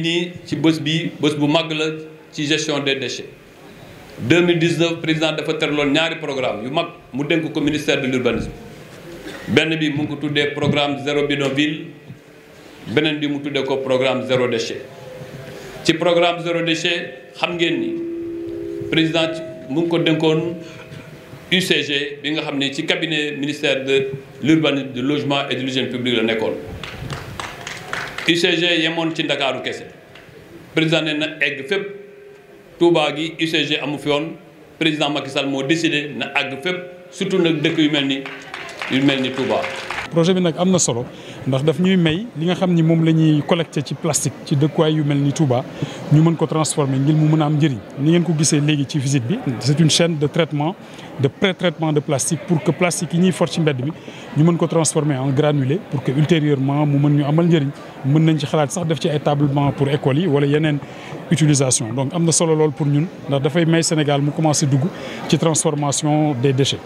nii ci bés bi bés bu mag la ci gestion des déchets 2019 président dafa terloon ñaari programme yu mag mu dénk ko ministère de l'urbanisme benn bi mu ngi ko tuddee programme zéro bidonville beneen bi mu tuddee ko programme zéro déchet ci programme zéro déchet xam ngeen ni président mu ngi ko dénkoon UCG bi nga xam ne ci cabinet ministère de l'urbanisme du logement et de l'hygiène publique la nekkoon UCG yemoon ci ndakaaru kese président ne na egg fépp Touba gi UCG amu fi woon président Macky Sall moo décidé na àgg fépp surtout nag dëkk yu mel ni yu mel ni Touba. projet bi nag am na solo. ndax daf ñuy may li nga xam ni moom la ñuy collecté ci plastique ci dëkkuwaay yu mel ni tuuba ñu mën ko transformer ngir mu mën a am njëriñ ni ngeen ko gisee léegi ci visite bi c'est une chaîne de traitement de pré-traitement de plastique pour que plastique yi ñuy for ci mbedd mi ñu mën ko transformer en granulé pour que ultérieurement mu mën ñu amal njëriñ mën nañ ci xalaat sax def ci ay établissements pour écoles yi wala yeneen utilisation donc am na solo lool pour ñun ndax dafay may Sénégal mu commencé dugg ci transformation des déchets